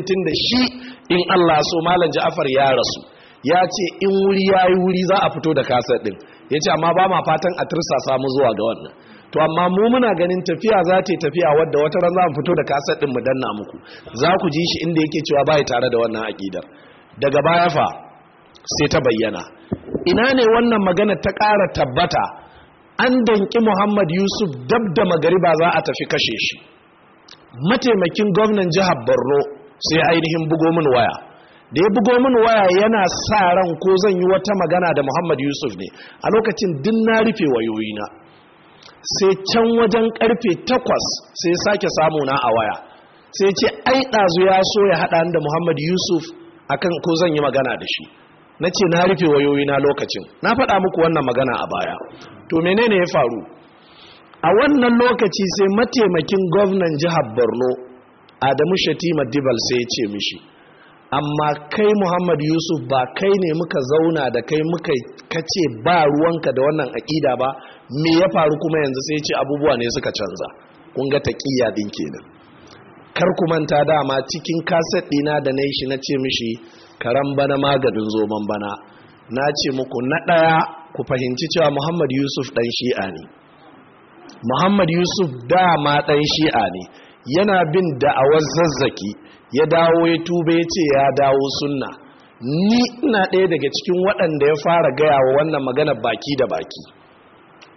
tun da shi in Allah so malam Ja'far ya rasu ya ce in wuri ya yi wuri za a fito da kasar din ya ce amma ba ma fatan a tursa samu zuwa ga wannan to amma mu muna ganin tafiya za ta yi tafiya wadda wata ran za mu fito da kasar din mu danna muku za ku ji shi inda yake cewa bai tare da wannan aƙidar daga baya fa sai ta bayyana ina ne wannan magana ta ƙara tabbata an danki Muhammad Yusuf dab da magariba za a tafi kashe shi mataimakin gwamnan jihar Borno sai ainihin bugo min waya da ya bugo min waya yana sa ran ko zan yi wata magana da muhammad yusuf ne a lokacin din na rufe wayoyina sai can wajen karfe takwas sai sake samu na a waya sai ce ai ɗazu ya so ya haɗa da muhammad yusuf akan ko zan yi magana da shi na ce na rufe wayoyina lokacin na faɗa muku wannan magana a baya to menene ya faru a wannan lokaci sai mataimakin gwamnan jihar borno adamu shatima dibal sai ya ce mishi amma kai muhammad yusuf ba kai ne muka zauna da kai muka kace ba ruwanka da wannan aƙida ba me ya faru kuma yanzu sai ce abubuwa ne suka canza kun ga taƙiyya din kenan kar ku manta dama cikin kaset dina da na shi na ce mishi karan bana maganin zoman bana na ce muku na ɗaya ku fahimci cewa muhammad yusuf ɗan shi'a ne muhammad yusuf dama ɗan shi'a ne yana bin da da'awar zazzaki ya dawo ya tuba ya ce ya dawo sunna ni ina ɗaya daga cikin waɗanda ya fara gaya wa wannan magana baki da baki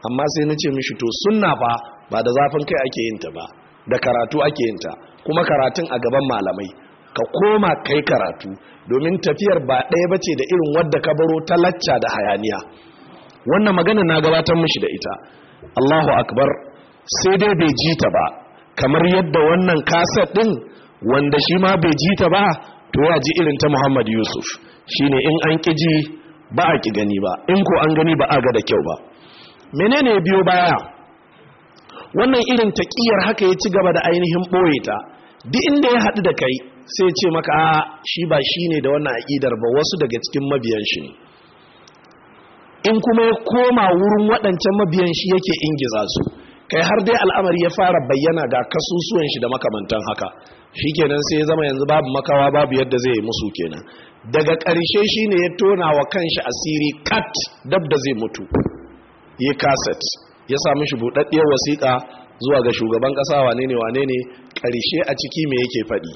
amma sai na ce mishi to sunna ba, ba da zafin kai ake yin ba da karatu ake yinta kuma karatun a gaban malamai ka koma kai karatu domin tafiyar ba ɗaya bace da irin wadda ka baro talacca da hayaniya wannan magana na gabatar mishi da ita Allahu akbar sai dai bai ji ta ba kamar yadda wannan kaset din wanda shi ma bai ji ta ba to ya ji irin ta Muhammad Yusuf shine in an ki ji ba a ki gani ba in ko an gani ba a ga da kyau ba menene biyo baya wannan irin taƙiyar haka ya ci gaba da ainihin ɓoye ta duk inda ya haɗu da kai sai ce maka a shi ba shi ne da wannan aƙidar ba wasu daga cikin mabiyan shi ne in kuma ya koma wurin waɗancan mabiyan shi yake ingiza su kai har dai al'amari ya fara bayyana ga kasusuwan shi da makamantan haka shi kenan sai ya zama yanzu babu makawa babu yadda zai musu kenan daga ƙarshe ne ya tona wa kanshi asiri kat dab da zai mutu ya kaset ya sami shi buɗaɗɗiyar wasiƙa zuwa ga shugaban ƙasa wane ne wane ne ƙarshe a ciki me yake faɗi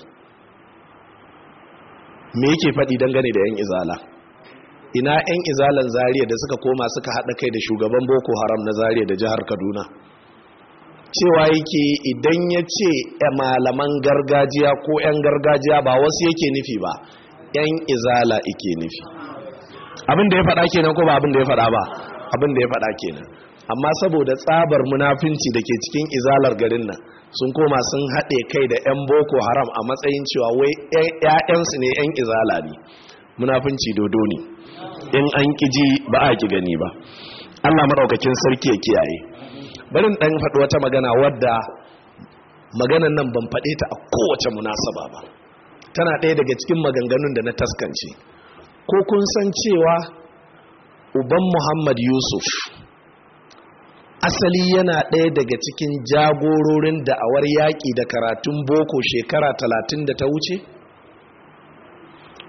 me yake faɗi dangane da 'yan izala ina 'yan izalan zariya da suka koma suka haɗa kai da shugaban boko haram na zariya da jihar kaduna cewa yake idan ya ce eh, malaman gargajiya ko 'yan gargajiya ba wasu yake nufi ba 'yan izala yake nufi abin da ya faɗa kenan ko ba abin da ya faɗa ba abin da ya faɗa kenan amma saboda tsabar munafinci da ke cikin izalar garin nan sun koma sun haɗe kai da 'yan boko haram a matsayin cewa wai 'ya'yansu ne 'yan izala ne munafinci dodo ne in an ƙiji ba a ki gani ba allah maɗaukakin sarki ya kiyaye barin ɗan faɗi wata magana wadda maganan nan ban faɗe ta a kowace munasaba ba tana ɗaya daga cikin maganganun da na taskance ko kun san cewa uban muhammad yusuf asali yana ɗaya daga cikin jagororin da'awar yaƙi da karatun boko shekara talatin da ta wuce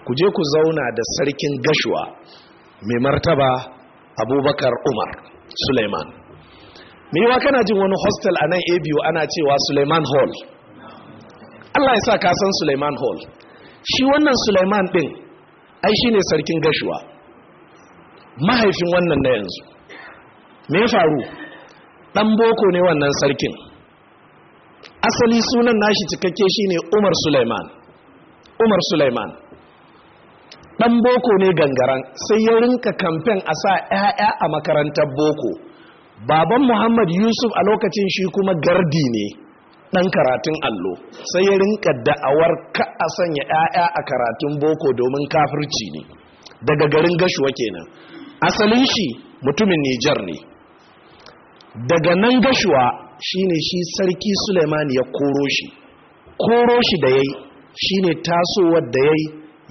ku je ku zauna da sarkin gashuwa mai martaba abubakar umar suleiman maiwa kana jin wani hostel a nan abu ana cewa suleiman hall allah ya sa ka suleiman hall shi wannan suleiman din ai shi ne sarkin gashuwa mahaifin wannan na yanzu me faru dan boko ne wannan sarkin asali sunan nashi cikakke shine umar suleiman umar suleiman ɗan boko ne gangaran sai ya rinka kamfen a sa 'ya'ya a makarantar boko baban muhammad yusuf a lokacin shi kuma gardi ne ɗan karatun allo sai ya rinka da'awar ka a sanya 'ya'ya a karatun boko domin kafirci ne daga garin gashuwa kenan asalin shi mutumin nijar ne daga nan gashuwa shine shi sarki Suleiman ya koro shi koro shi da yayi shine tasowar da yayi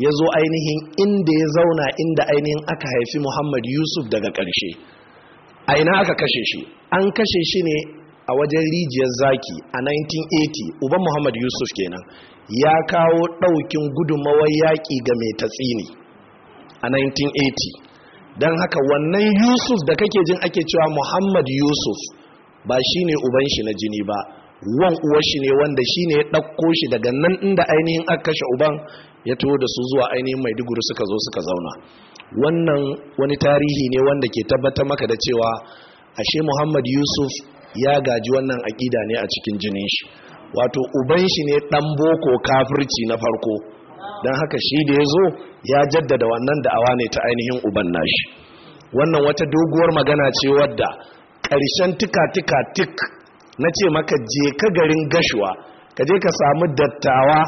ya zo ainihin inda ya zauna inda ainihin aka haifi muhammad yusuf daga ƙarshe a ina aka kashe shi an kashe shi ne a wajen rijiyar zaki a 1980 uban muhammad yusuf kenan ya kawo ɗaukin gudunmawar yaƙi ga mai tatsini a 1980 don haka wannan yusuf da kake jin ake cewa muhammad yusuf ba shi ne uban shi na jini ba wan uwar shi ne wanda shi ne ya ɗauko shi daga nan inda ainihin aka kashe uban ya tuwo da su zuwa ainihin maiduguri suka zo suka zauna wannan wani tarihi ne wanda ke tabbatar maka da cewa ashe muhammad yusuf ya gaji wannan aƙida ne a cikin jinin shi wato uban shi ne ɗan boko kafirci na farko don haka shi da ya zo ya jaddada wannan da'awa ne ta ainihin uban nashi wannan wata doguwar magana ce wadda ƙarshen tuka-tuka tik na ce maka je ka garin gashuwa ka je ka samu dattawa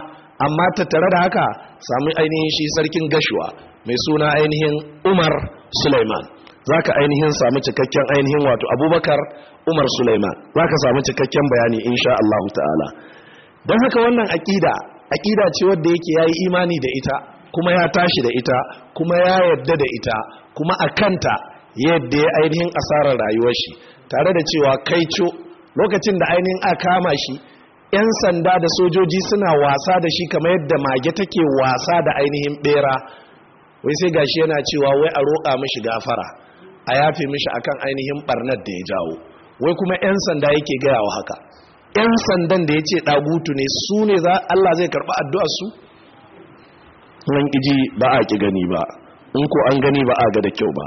amma ta tare da haka sami ainihin shi sarkin gashuwa mai suna ainihin umar suleiman za ka ainihin sami cikakken ainihin wato abubakar umar suleiman za ka samu cikakken bayani insha Allah ta'ala don haka wannan aƙida aƙida ce wadda yake ya yi imani da ita kuma ya tashi da ita kuma ya yadda da ita kuma a kanta yadda ya ainihin asarar rayuwar shi tare da cewa kai co lokacin da ainihin a kama shi 'yan sanda da sojoji suna wasa da shi kamar yadda mage take wasa da ainihin bera wai sai gashi yana cewa wai a roƙa mishi gafara a yafe mishi akan ainihin barnar da ya jawo wai kuma 'yan sanda yake gaya wa haka 'yan sandan da ya ce ɗagutu ne su ne za Allah zai karɓi addu'arsu nan ƙiji ba a ƙi gani ba in ko an gani ba a ga da kyau ba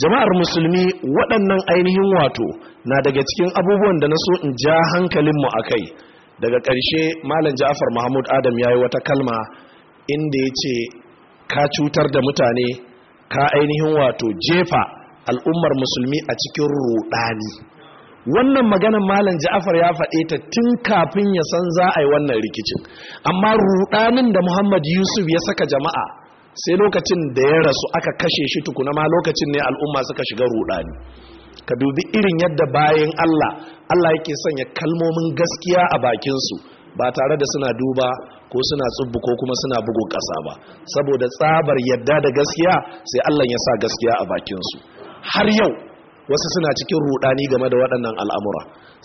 jama'ar musulmi waɗannan ainihin wato na daga cikin abubuwan da na so in ja hankalinmu a kai daga ƙarshe malam Jafar mahmud adam ya yi wata kalma inda ya ce ka cutar da mutane ka ainihin wato jefa al'ummar musulmi a cikin rudani wannan maganar malam ja'afar ya faɗe ta tun kafin ya san za a yi wannan rikicin amma rudanin da muhammad yusuf ya saka jama'a sai lokacin da ya rasu aka kashe shi tukuna ma lokacin ne al'umma suka shiga rudani ka dubi irin yadda bayan allah allah yake sanya kalmomin gaskiya a bakinsu ba tare da suna duba ko suna tsubbu ko kuma suna bugu ƙasa ba saboda tsabar yadda da gaskiya sai Allah ya sa gaskiya a bakinsu har yau wasu suna cikin rudani game da waɗannan al'amura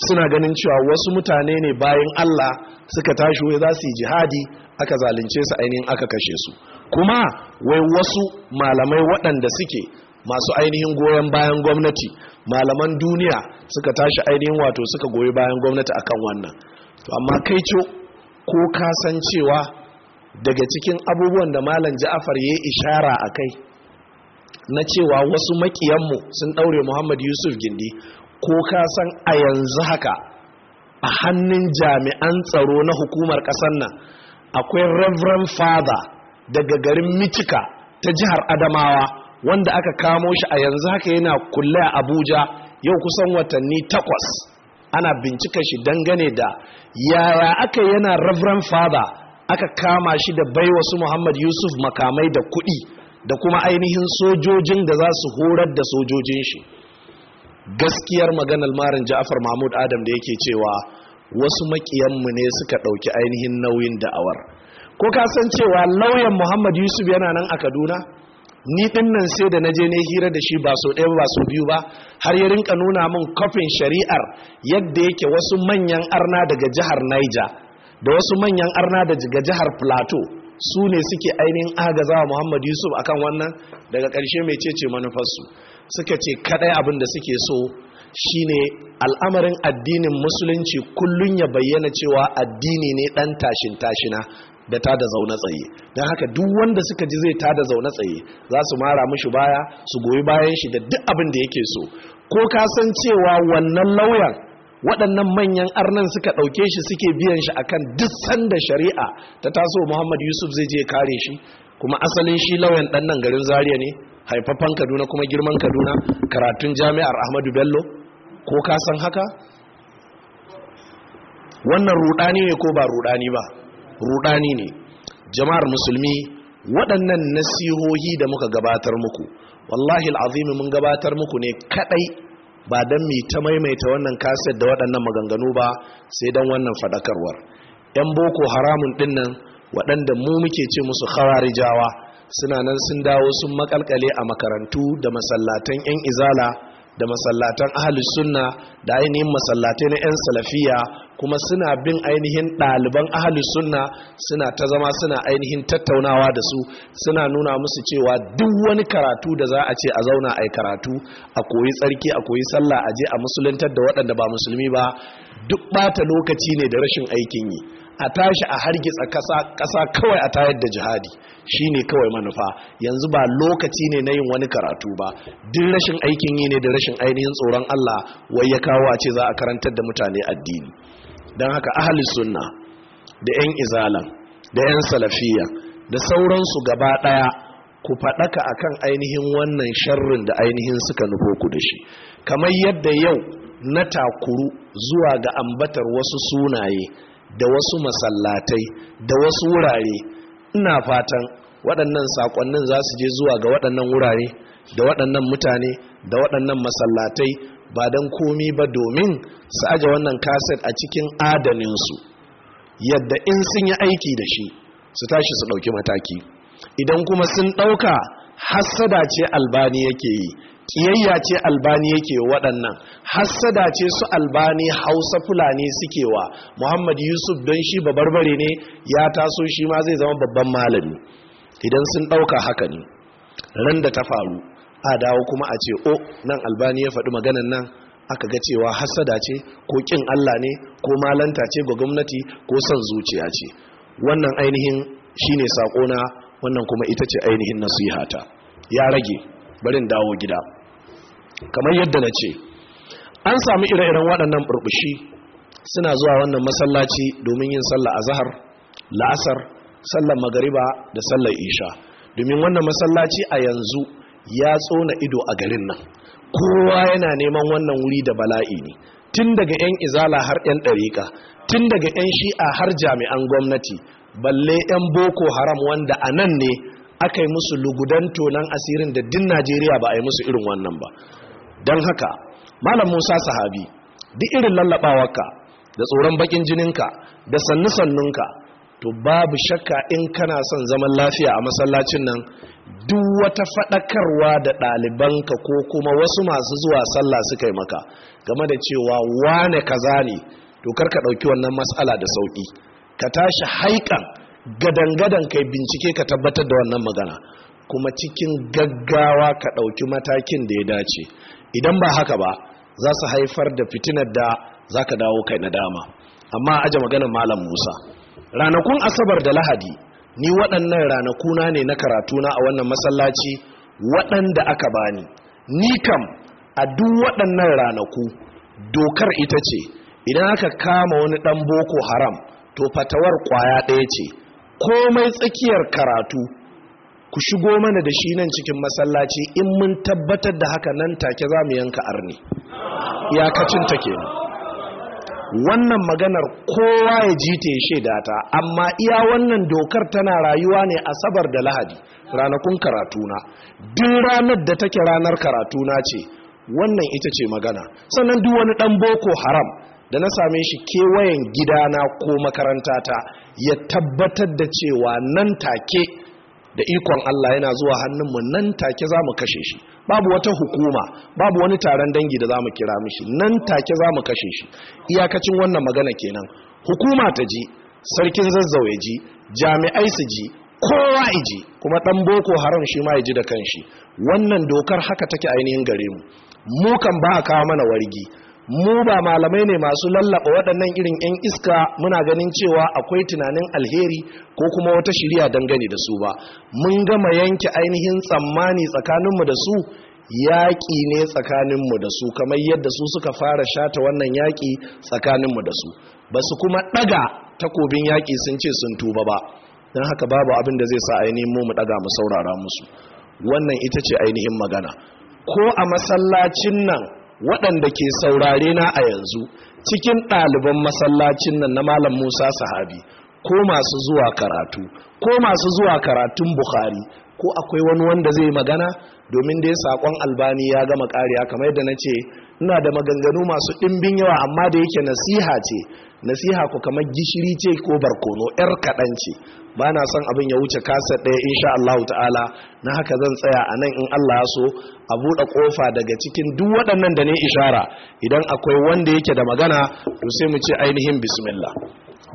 suna ganin cewa wasu mutane ne bayan Allah suka tashi wai za su yi jihadi aka zalunce su ainihin aka kashe su kuma wai wasu malamai waɗanda suke masu ainihin goyon bayan gwamnati malaman duniya suka tashi ainihin wato suka goyi bayan gwamnati akan wannan to amma kai ce ko cewa daga cikin abubuwan da malam ja'afar ya yi ishara a kai na cewa wasu makiyanmu sun ɗaure muhammad yusuf gindi ko kasan a yanzu haka a hannun jami'an tsaro na hukumar ƙasar nan akwai reverend father daga garin mitika ta jihar adamawa wanda aka kamo shi a yanzu haka yana kulle a abuja yau kusan watanni takwas ana bincika shi dangane da yaya aka yana reverend father aka kama shi da bai wasu muhammad yusuf makamai da kuɗi da kuma ainihin sojojin da za su horar da sojojin shi gaskiyar maganar marin ja'afar mahmud adam da yake cewa wasu makiyanmu ne suka ɗauki ainihin nauyin da'awar ko ka san cewa lauyan muhammad yusuf yana nan a kaduna ni din nan sai da na naje ne hira da shi ba so ɗaya ba so biyu ba har ya rinka nuna min kofin shari'ar yadda yake wasu manyan arna daga jihar Niger da wasu manyan arna daga jihar Plateau su ne suke ainihin agazawa Muhammad Yusuf akan wannan daga ƙarshe mai cece manufarsu suka ce kaɗai abin da suke so shine al'amarin addinin musulunci kullum ya bayyana cewa addini ne ɗan tashin tashina da ta da zaune tsaye don haka duk wanda suka ji zai ta da zaune tsaye za su mara mushi baya su goyi bayan shi da duk abin da yake so ko ka san cewa wannan lauyan waɗannan manyan arnan suka ɗauke shi suke biyan shi akan duk sanda shari'a ta taso muhammad yusuf zai je kare shi kuma asalin shi lauyan ɗan nan garin Zariya ne haifafan kaduna kuma girman kaduna karatun jami'ar ahmadu bello ko ka san haka wannan ruɗani ne ko ba rudani ba rudani ne jama'ar musulmi waɗannan nasihohi da muka gabatar muku wallahi al'azimi mun gabatar muku ne kaɗai, ba don mai ta maimaita wannan kaset da waɗannan maganganu ba sai don wannan faɗakarwar 'yan boko haramun ɗinnan waɗanda mu muke ce musu khawarijawa suna nan sun dawo sun makalkale a makarantu da masallatan 'yan izala da masallatan ahalus sunna da ainihin masallatai na 'yan salafiya kuma suna bin ainihin ɗaliban ahalus sunna suna ta zama suna ainihin tattaunawa da su suna nuna musu cewa duk wani karatu da za a ce a zauna a karatu a koyi tsarki a koyi sallah a je a musuluntar da waɗanda ba musulmi ba duk ɓata lokaci ne da rashin aikin yi a tashi a hargitsa ƙasa kawai a tayar da jihadi shine kawai manufa yanzu ba lokaci ne na yin wani karatu ba duk rashin aikin yi ne da rashin ainihin tsoron Allah wai ya kawo a ce za a karantar da mutane addini don haka ahalis sunna da 'yan izalan da 'yan salafiya da sauransu gaba ɗaya ku faɗaka kan ainihin wannan sharrin da ainihin suka nufo ku da shi kamar yadda yau na takuru zuwa ga ambatar wasu sunaye da wasu masallatai da wasu wurare ina fatan waɗannan saƙonnin za su je zuwa ga waɗannan wurare da waɗannan mutane da waɗannan masallatai ba don komi ba domin su aje wannan kaset a cikin adaninsu yadda in sun yi aiki da shi su tashi su ɗauki mataki idan kuma sun ɗauka hassada ce albani yake yi kiyayya ce albani yake waɗannan hassada ce su albani hausa fulani suke wa muhammad yusuf don shi barbare ne ya taso shi ma zai zama babban malami idan sun ɗauka haka ne ran da ta faru a dawo kuma a ce o nan albani ya faɗi maganan nan aka ga cewa hassada ce ko ƙin allah ne ko malanta ce ga gwamnati ko son zuciya ce wannan ainihin shine saƙona wannan kuma ita ce ainihin nasihata ya rage barin dawo gida kamar yadda na ce an sami ire-iren waɗannan burbushi suna zuwa wannan masallaci domin yin sallah azhar la'asar sallar magariba da sallar isha domin wannan masallaci a yanzu ya tsona ido a garin nan kowa yana neman wannan wuri da bala'i ne tun daga 'yan izala har 'yan ɗariƙa tun daga 'yan shi'a har jami'an gwamnati balle 'yan boko haram wanda a nan ne aka yi musu lugudan tonan asirin da din najeriya ba a yi musu irin wannan ba don haka malam musa sahabi duk irin lallabawarka da tsoron bakin jininka da sannu sannunka to babu shakka in kana son zaman lafiya a masallacin nan duk wata faɗakarwa da ɗalibanka ko kuma wasu masu zuwa sallah suka yi maka game da cewa wane kaza ne to ka ɗauki wannan matsala da sauƙi ka tashi haikan gadangadan kai bincike ka tabbatar da wannan magana kuma cikin gaggawa ka ɗauki matakin da ya dace idan ba haka ba za su haifar da fitinar da za ka dawo kai na dama amma aje maganar malam musa ranakun asabar da lahadi ni waɗannan ranakuna ne na karatuna a wannan masallaci waɗanda aka bani ni kam a duk waɗannan ranaku dokar ita ce idan aka kama wani ɗan boko haram to fatawar ƙwaya ɗaya ce komai tsakiyar karatu ku shigo mana da shi nan cikin masallaci in mun tabbatar da haka nan take za mu yanka arni iyakacin ta kenan wannan maganar kowa ya ji ta ya shaida ta amma iya wannan dokar tana rayuwa ne a asabar da lahadi ranakun karatuna duk ranar da take ranar karatuna ce wannan ita ce magana sannan duk wani dan boko haram da na same shi kewayen gidana ko makarantata ya tabbatar da cewa nan take da ikon Allah yana zuwa hannunmu nan take za mu kashe shi babu wata hukuma babu wani taron dangi da za mu kira mishi nan take za mu kashe shi iyakacin wannan magana kenan hukuma ta ji sarkin zazzau ya ji jami'ai su ji kowa ji, kuma ɗan boko haram shi ma ji da kanshi wannan dokar haka take ainihin gare mu mu kan ba kawo mana wargi mu ba malamai ne masu lallaba waɗannan irin 'yan iska muna ganin cewa akwai tunanin alheri ko kuma wata shirya gani da su ba mun gama yanke ainihin tsammani tsakaninmu da su yaƙi ne tsakaninmu da su kamar yadda su suka fara shata wannan yaƙi tsakaninmu da su ba su kuma ɗaga takobin yaƙi sun ce sun tuba ba don haka babu abin da zai sa ainihin mu mu ɗaga mu saurara musu wannan ita ce ainihin magana ko a masallacin nan waɗanda ke saurare na a yanzu cikin ɗaliban masallacin nan na malam musa sahabi ko masu zuwa karatu ko masu zuwa karatun bukhari ko akwai wani wanda zai magana domin dai sakon albani ya gama kariya kamar yadda na ce ina da maganganu masu ɗimbin yawa amma da yake nasiha ce nasiha ku kamar gishiri ce ko barkono yar kaɗan ce ba na son abin ya wuce kasa ɗaya insha Allah ta'ala na haka zan tsaya a nan in Allah ya so a buɗe ƙofa daga cikin duk waɗannan da ne ishara idan akwai wanda yake da magana to sai mu ce ainihin bismillah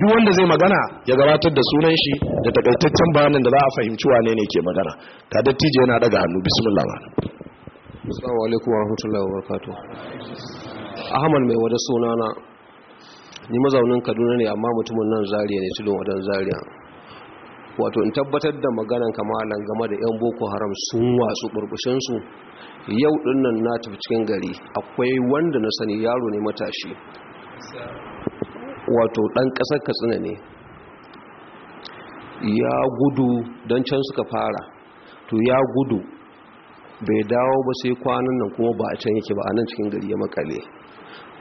duk wanda zai magana ya gabatar da sunan shi da takaitaccen bayanin da za a fahimci wane ne ke magana ka dattijo yana daga hannu bismillah assalamu alaikum warahmatullahi wabarakatuh ahmad mai wada sunana ni mazaunin kaduna ne amma mutumin nan zariya ne tudun wadan zariya wato in tabbatar da maganan kamalan game da yan boko haram sun watsu su yau dinnan na tafi cikin gari akwai wanda na sani yaro ne matashi wato ɗan ƙasar katsina ne ya gudu don can suka fara to ya gudu bai dawo ba sai kwanan nan kuma ba a can yake ba a nan cikin gari ya makale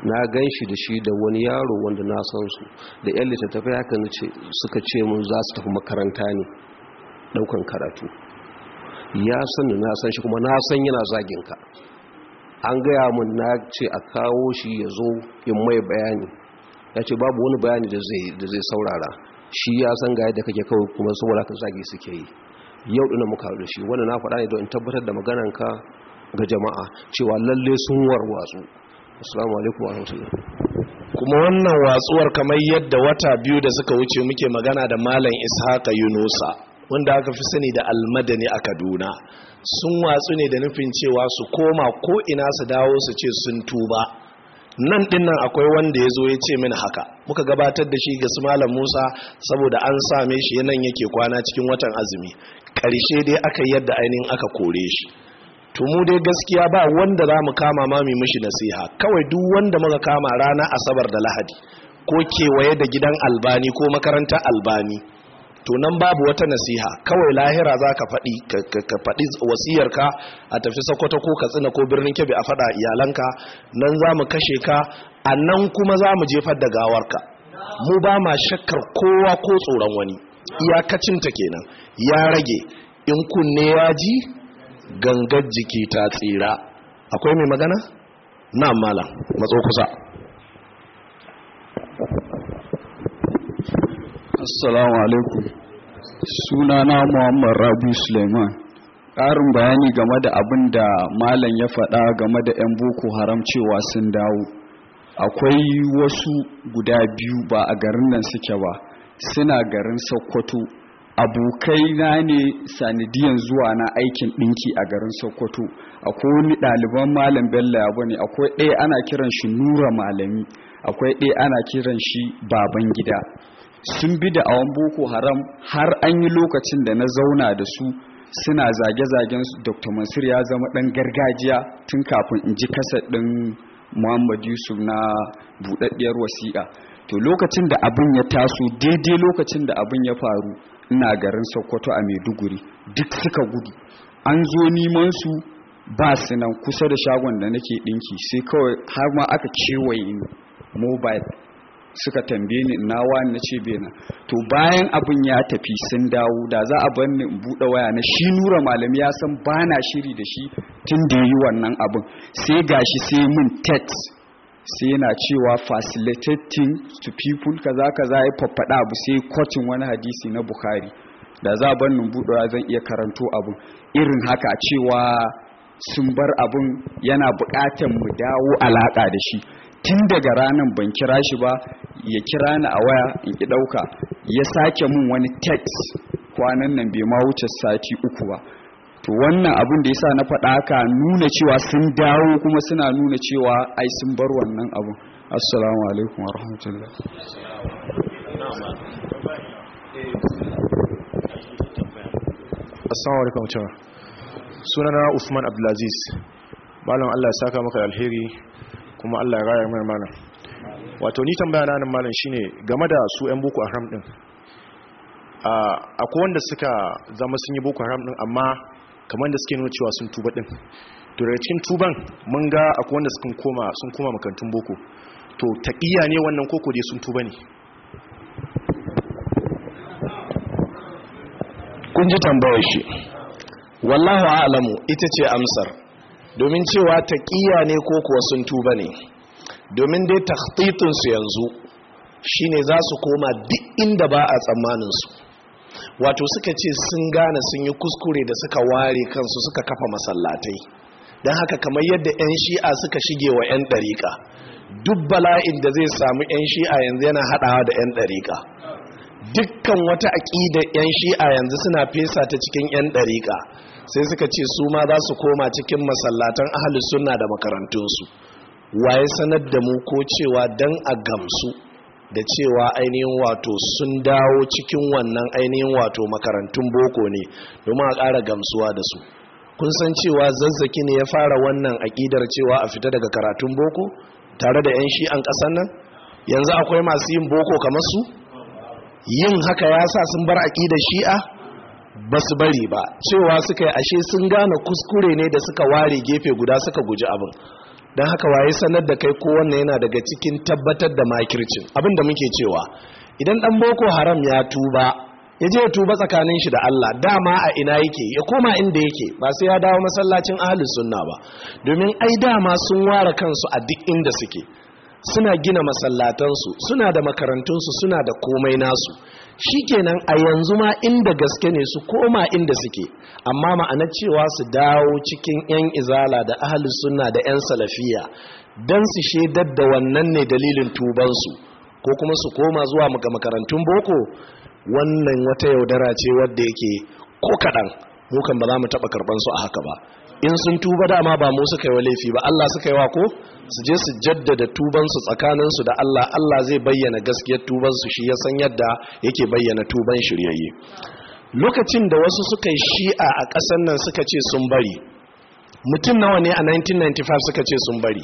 na gan shi da shi da wani yaro wanda na san su da yan littattafai haka suka ce mun za su tafi makaranta ne ɗaukan karatu ya sani na san shi kuma na san yana zagin ka an gaya mun na ce a kawo shi ya zo in mai bayani ya ce babu wani bayani da zai saurara shi ya san ga yadda kake kawai kuma saboda kan zagi suke yi yau ɗina muka haɗu shi wanda na faɗa ne don tabbatar da magananka ga jama'a cewa lalle sun warwatsu assalamu alaikum wa kuma wannan watsuwar kamar yadda wata biyu da suka wuce muke magana da malam ishaqa yunusa wanda aka fi sani da almadani a kaduna sun watsu ne da nufin cewa su koma ko ina su dawo su ce sun tuba nan din nan akwai wanda ya zo ya ce mini haka muka gabatar da shi ga malam musa saboda an same shi yanan yake kwana cikin watan azumi ƙarshe dai aka yadda ainihin aka kore shi to mu dai gaskiya ba wanda za mu kama mami mishi nasiha kawai duk wanda muka kama rana asabar da lahadi ko kewaye da gidan albani ko makarantar albani to nan babu wata nasiha kawai lahira za ka faɗi ka faɗi wasiyarka a tafi sokoto ko katsina ko birnin kebe a faɗa iyalanka nan za mu kashe ka a nan kuma za mu jefar da gawarka mu ba ma shakkar kowa ko tsoron wani iyakacinta kenan ya rage in kunne ya ji gangar jiki ta tsira akwai mai magana na malam matso kusa assalamu alaikum na muhammad rabi suleiman ƙarin bayani game da abin da malam ya faɗa game da 'yan boko haram cewa sun dawo akwai wasu guda biyu ba a garin nan suke ba suna garin sokoto abokai na ne sanadiyan zuwa na aikin ɗinki a garin sokoto akwai wani ɗaliban malam bello ya bane akwai ɗaya ana kiran shi nura malami akwai ɗaya ana kiran shi baban gida sun bi da awon boko haram har an yi lokacin da na zauna da su suna zage-zagen dr mansur ya zama dan gargajiya tun kafin in ji kasar din muhammad yusuf na budaddiyar wasiƙa to lokacin da abin ya taso daidai lokacin da abin ya faru ina garin sokoto a maiduguri duk suka gudu an zo neman su ba su nan kusa da shagon da nake dinki sai kawai har ma aka kewaye mobile suka tambaye ni na wani na ce bena to bayan abin ya tafi sun dawo da za a bar ni in buɗe waya na shi nura malami ya san ba shiri da shi tun da yi wannan abin sai gashi sai mun text sai yana cewa facilitating to people kaza kaza ya faffaɗa abu sai kwacin wani hadisi na bukhari da za a ban buɗe waya zan iya karanto abin irin haka cewa sun bar abin yana buƙatar mu dawo alaƙa da shi tun daga ranar ban kira shi ba ya kira ni a waya in ki ɗauka ya sake mun wani text kwanan nan bai ma wuce sati uku ba to wannan abin da ya sa na faɗa haka nuna cewa sun dawo kuma suna nuna cewa ai sun bar wannan abin assalamu alaikum wa rahmatullahi assalamu alaikum sunana usman abdulaziz malam allah ya saka maka alheri kuma Allah ya raya mai malam wato ni tambaya na nan malam shine game da su yan boko haram din akwai wanda suka zama sun yi boko haram din amma kamar da suke nuna cewa sun tuba din to daga cikin tuban mun ga akwai wanda sun koma sun koma makantun boko to taqiya ne wannan koko dai sun tuba ne kun ji tambayar shi wallahu a'lamu ita ce amsar domin cewa taqiya ne ko kuwa sun tuba ne domin dai takhtitin su yanzu shine za su koma duk inda ba a tsammanin su wato suka ce sun gane sun yi kuskure da suka ware kansu suka kafa masallatai don haka kamar yadda 'yan shi'a suka shige wa 'yan ɗariƙa duk bala'in da zai samu 'yan shi'a yanzu yana haɗawa da 'yan ɗariƙa dukkan wata aƙidar 'yan shi'a yanzu suna fesa ta cikin 'yan ɗariƙa sai suka ce su ma za su koma cikin masallatan ahalus sunna da makarantunsu waye sanar da mu ko cewa dan a gamsu da cewa ainihin wato sun dawo cikin wannan ainihin wato makarantun boko ne domin a ƙara gamsuwa da su kun san cewa zazzaki ne ya fara wannan aƙidar cewa a fita daga karatun boko tare da 'yan shi'an ƙasan nan yanzu akwai masu yin boko kamar su yin haka ya sa sun bar aƙidar shi'a ba su bari ba cewa suka yi ashe sun gane kuskure ne da suka ware gefe guda suka guji abin don haka waye sanar da kai ko wannan yana daga cikin tabbatar da makircin abin da muke cewa idan dan boko haram ya tuba ya je tuba tsakanin shi da Allah dama a ina yake ya koma inda yake ba sai ya dawo masallacin ahlus sunna ba domin ai dama sun ware kansu a duk inda suke suna gina masallatansu suna da makarantunsu suna da komai nasu shi shikenan a yanzu ma inda gaske ne su koma inda suke amma ma'ana cewa su dawo cikin 'yan izala da ahalus suna da 'yan salafiya don su shaidar da wannan ne dalilin tubansu ko kuma su koma zuwa ga makarantun boko wannan wata yaudara ce wadda yake ko kaɗan mukan ba za mu taɓa karɓansu a haka ba in sun tuba dama ba mu suka yi wa laifi ba Allah suka yi wa ko su je su jaddada tubansu tsakaninsu da Allah Allah zai bayyana gaskiyar tubansu shi ya san yadda yake bayyana tuban shiryayye lokacin da wasu suka yi shi'a a ƙasar nan suka ce sun bari mutum nawa ne a 1995 suka ce sun bari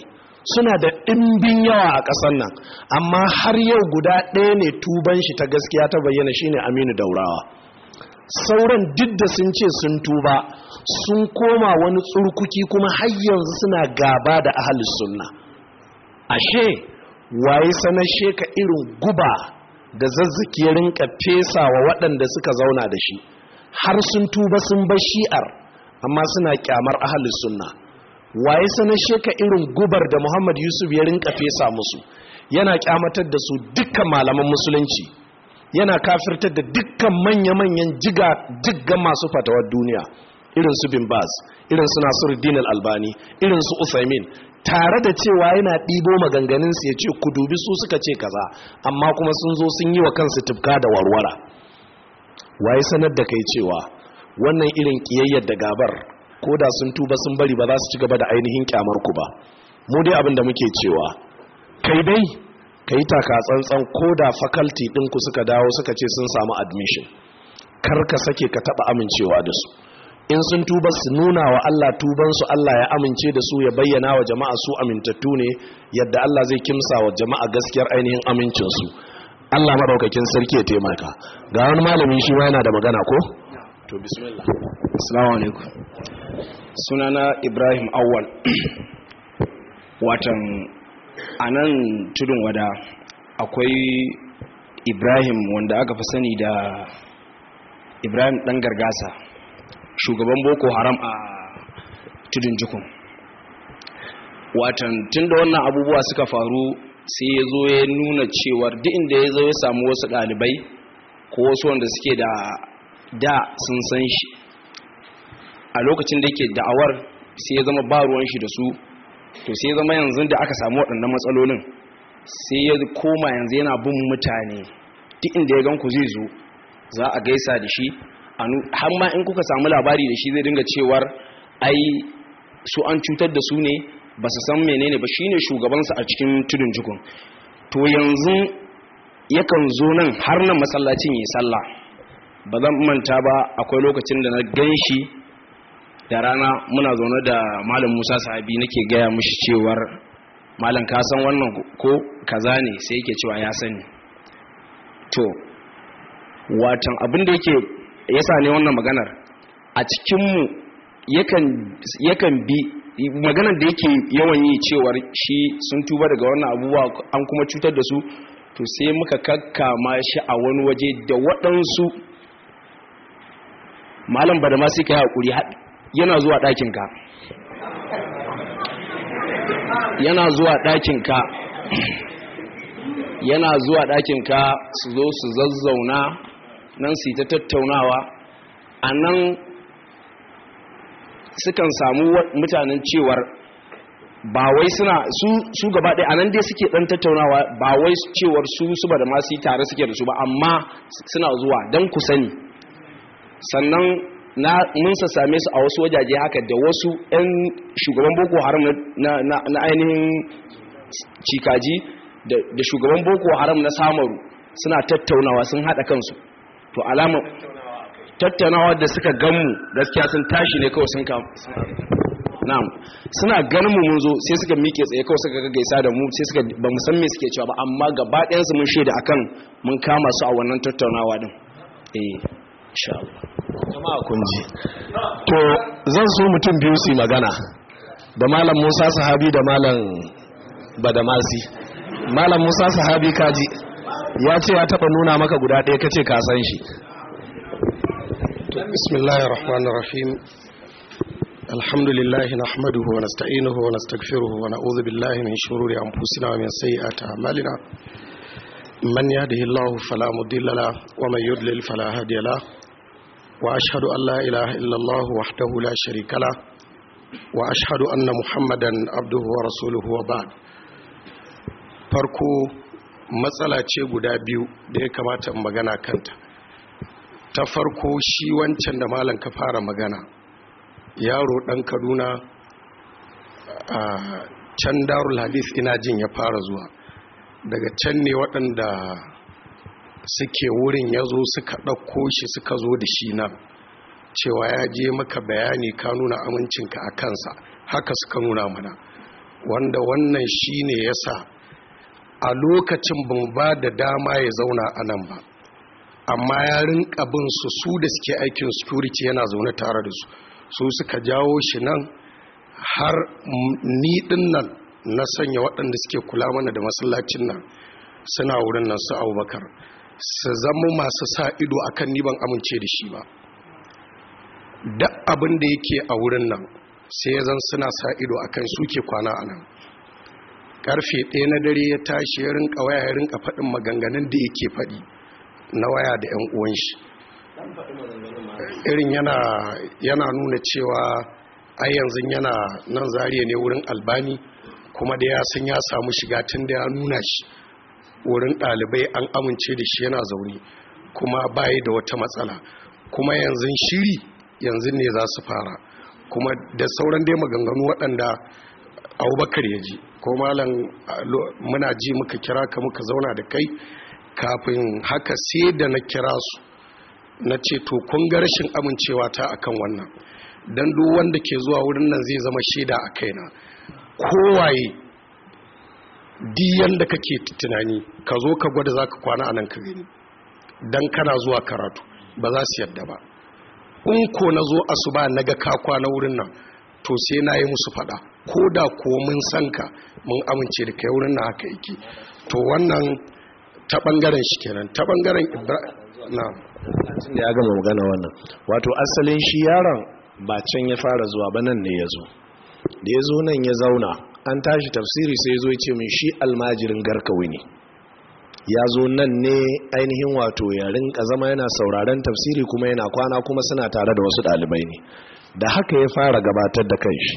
suna da ɗimbin yawa a ƙasar nan amma har yau guda ɗaya ne tuban shi ta gaskiya ta bayyana shine aminu daurawa sauran duk da sun ce sun tuba sun koma wani tsurkuki kuma har yanzu suna gaba da ahalus sunna ashe waye sanar sheka irin guba da zazzaki ya rinka fesa wa waɗanda suka zauna da shi har sun tuba sun bar shi'ar amma suna kyamar ahalus sunna waye sanar sheka irin gubar da Muhammad Yusuf ya rinka fesa musu yana kyamatar da su dukkan malaman musulunci yana kafirtar da dukkan manya-manyan jigga masu fatawar duniya irin su bin baz irin su albani Irinsu su usaimin tare da cewa yana ɗibo maganganunsu ya ce ku dubi su suka ce kaza amma kuma sun zo sun yi wa kansu tufka da warwara waye sanar da kai cewa wannan irin ƙiyayyar da gabar ko da sun tuba sun bari ba za su ci gaba da ainihin kyamar ku ba mu dai abin da muke cewa kai dai ka yi taka tsantsan ko da faculty ɗinku suka dawo suka ce sun samu admission kar ka sake ka taɓa amincewa da su in sun tuba su nuna wa Allah tubansu Allah ya amince da su ya bayyana wa jama'a su amintattu ne yadda Allah zai kimsa wa jama'a gaskiyar ainihin amincinsu Allah maɗaukakin sarki ya taimaka ga wani malamin shi yana da magana ko to bismillah assalamu alaikum sunana Ibrahim Awwal watan a nan tudun wada akwai ibrahim wanda aka fi sani da ibrahim dan gargasa shugaban boko haram a tudun jikun watan tun da wannan abubuwa suka faru sai ya zo ya nuna cewar duk inda ya zo ya samu wasu ɗalibai ko wasu wanda suke da da sun san shi a lokacin da yake da'awar sai ya zama ba ruwan shi da su to sai zama yanzu da aka samu waɗannan matsalolin sai ya koma yanzu yana bin mutane duk inda ya gan ku zai zo za a gaisa da shi har ma in kuka samu labari da shi zai dinga cewar ai su an cutar da su ne ba su san menene ba shine shugabansa a cikin tudun jikun to yanzu yakan zo nan har nan masallacin yi sallah ba zan manta ba akwai lokacin da na gan shi da rana muna zaune da malam musa sahabi nake gaya mushi cewar malam ka san wannan ko kaza ne sai yake cewa ya sani to watan abin da yake ya sa ne wannan maganar a cikinmu yakan bi maganar da yake yawan yi cewar shi sun tuba daga wannan abubuwa an kuma cutar da su to sai muka kakkama shi a wani waje da waɗansu malam ba da masu kai haƙuri yana zuwa ɗakinka yana zuwa ɗakinka yana zuwa ɗakinka su zo su zazzauna nan su ta tattaunawa a nan sukan samu mutanen cewar ba wai suna su gaba ɗaya a nan dai suke ɗan tattaunawa ba wai cewar su su ba da masu yi tare suke da su ba amma suna zuwa don ku sani sannan na mun same su a wasu wajaje haka da wasu 'yan shugaban boko haram na ainihin cikaji da shugaban boko haram na samaru suna tattaunawa sun haɗa kansu to alama tattaunawa da suka ganmu gaskiya sun tashi ne kawai sun kama suna ganin mu mun zo sai suka mike tsaye kawai suka ga gaisa da mu sai suka ba mu san me suke cewa ba amma gaba ɗayan su mun shaida akan mun kama su a wannan tattaunawa din eh to so mutum biyu su magana da malam musa sahabi da malam badamasi kaji ya ce ya taba nuna maka guda ɗaya kace ka san shi bismillahirrahmanirrahim alhamdulillah na ahmaduhu wa nasta'inuhu wa nastaghfiruhu wa na'udhu billahi min shururi anfusina wa min sayyiati a'malina man yahdihillahu fala mudilla lahu wa man yudlil fala hadiya lahu وأشهد أن لا إله إلا الله وحده لا شريك له وأشهد abduhu محمدا عبده ورسوله وبعد farko matsala ce guda biyu da ya kamata in magana kanta ta farko shi wancan da malam ka fara magana yaro dan kaduna a can darul hadith ina jin ya fara zuwa daga can ne waɗanda suke wurin ya zo suka ɗauko shi suka zo da shi nan cewa ya je maka bayani ka nuna amincinka a kansa haka suka nuna mana wanda wannan shi ne ya sa a lokacin ban ba da dama ya zauna a nan ba amma ya rinka bin su su da suke aikin security yana zaune tare da su su suka jawo shi nan har ni nan na sanya waɗanda suke kula mana da masallacin nan suna wurin nan su abubakar su zama masu sa ido akan ni ban amince da shi ba duk abin da yake a wurin nan sai ya zan suna sa ido akan suke kwana a nan karfe ɗaya na dare ya tashi ya rinka waya ya rinka faɗin maganganun da yake faɗi na waya da 'yan uwan shi irin yana nuna cewa a yanzu yana nan zariya ne wurin albani kuma da ya san ya samu shiga tun da ya nuna shi wurin ɗalibai an amince da shi yana zaune kuma bayi da wata matsala kuma yanzu shiri yanzu ne za su fara kuma da sauran dai maganganu waɗanda abubakar ya ji ko malam muna ji muka kira ka muka zauna da kai kafin haka sai da na kira su na ce to kun ga rashin amincewa ta akan wannan don duk wanda ke zuwa wurin nan zai zama shaida a kaina kowaye diyan da kake tunani ka zo ka gwada za ka kwana a nan ka gani don kana zuwa karatu ba za su yadda ba in ko na zo asuba na ga ka kwana wurin nan to sai na yi musu fada ko da ko mun san ka mun amince da kai wurin nan haka yake to wannan ta bangaren shi kenan ta bangaren na da ya gama magana wannan wato asalin shi yaron ba can ya fara zuwa ba nan ne ya zo da ya zo nan ya zauna an tashi tafsiri sai zo ce min shi almajirin garkawi ne ya zo nan ne ainihin wato yarin kazama zama yana sauraren tafsiri kuma yana kwana kuma suna tare da wasu ɗalibai ne da haka ya fara gabatar da kanshi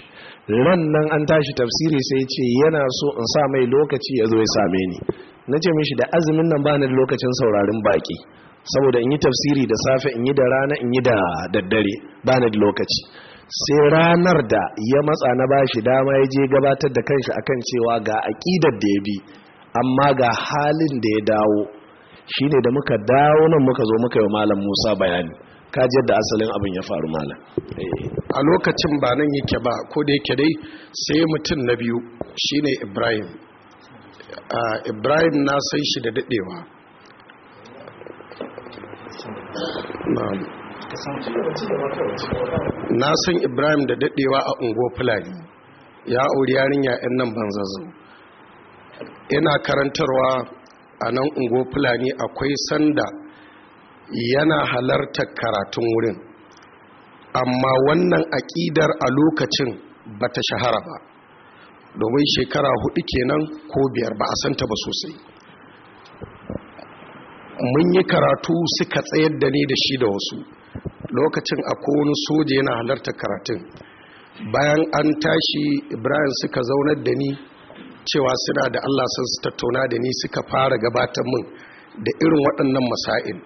ran nan an tashi tafsiri sai ce yana so in sa mai lokaci ya zo ya same ni na ce mishi da azumin nan ba da lokacin saurarin baki saboda in yi tafsiri da safe in yi da rana in yi da daddare ba da lokaci sai ranar da ya matsa na bashi dama ya je gabatar da kanshi akan cewa ga aƙidar da ya bi amma ga halin da ya dawo shine da muka dawo nan muka zo muka yi malam Musa bayani kaji yadda asalin abin ya faru malam a lokacin ba nan yake ba ko da yake dai sai mutum na biyu shine Ibrahim Ibrahim na san shi da daɗewa na san ibrahim da dadewa a unguwar fulani ya auri yarinya 'yan nan banzazo yana karantarwa a nan unguwar fulani akwai sanda yana halartar karatun wurin amma wannan aƙidar a lokacin ba ta shahara ba domin shekara hudu kenan ko biyar ba a santa ba sosai mun yi karatu suka tsayar da ne da shi da wasu lokacin a wani soja yana halarta karatun bayan an tashi ibrahim suka zaunar da ni cewa suna da allah sun su tattauna da ni suka fara gabatar min da irin waɗannan masa'in.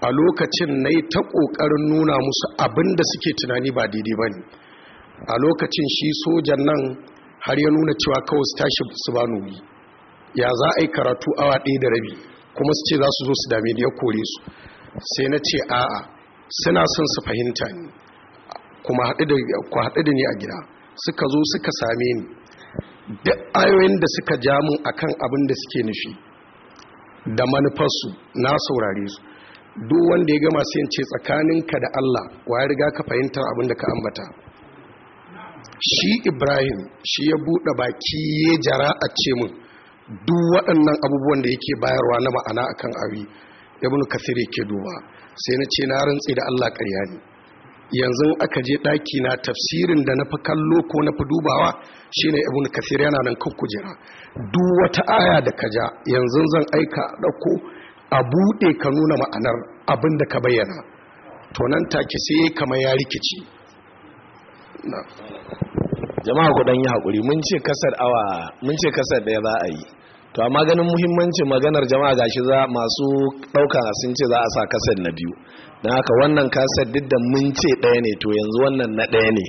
a lokacin na yi ta ƙoƙarin nuna musu abin da suke tunani ba daidai ba ne a lokacin shi sojan nan har ya nuna cewa kawai su tashi su ba nuni ya za a yi karatu awa ɗaya da rabi kuma su ce za su zo su dame da ya kore su sai na ce a'a suna son su fahimta ni kuma haɗu da ni a gida suka zo suka same ni duk ayoyin da suka ja mun akan abin da suke nufi da manufarsu na saurare su duk wanda ya gama sai ce tsakaninka da Allah wa ya riga ka fahimta abin da ka ambata shi Ibrahim shi ya buɗe baki ya jara a ce mun duk waɗannan abubuwan da yake bayarwa na ma'ana akan abi ibn kasir yake duba sai na ce na rantse da Allah ƙarya ne yanzu aka je ɗaki na tafsirin da na fi kallo ko na fi dubawa shine ibn kasir yana nan kan kujera duk wata aya da ka ja yanzu zan aika ɗauko a buɗe ka nuna ma'anar abin da ka bayyana to nan take sai kamar ya rikici jama'a gudan ya yi hakuri mun ce kasar awa mun ce kasar da za a yi to amma ganin muhimmancin maganar jama'a gashi za masu ɗauka sun ce za a sa kaset na biyu don haka wannan kaset duk da mun ce ɗaya ne to yanzu wannan na ɗaya ne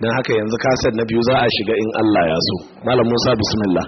don haka yanzu kaset na biyu za a shiga in Allah ya so malam Musa bismillah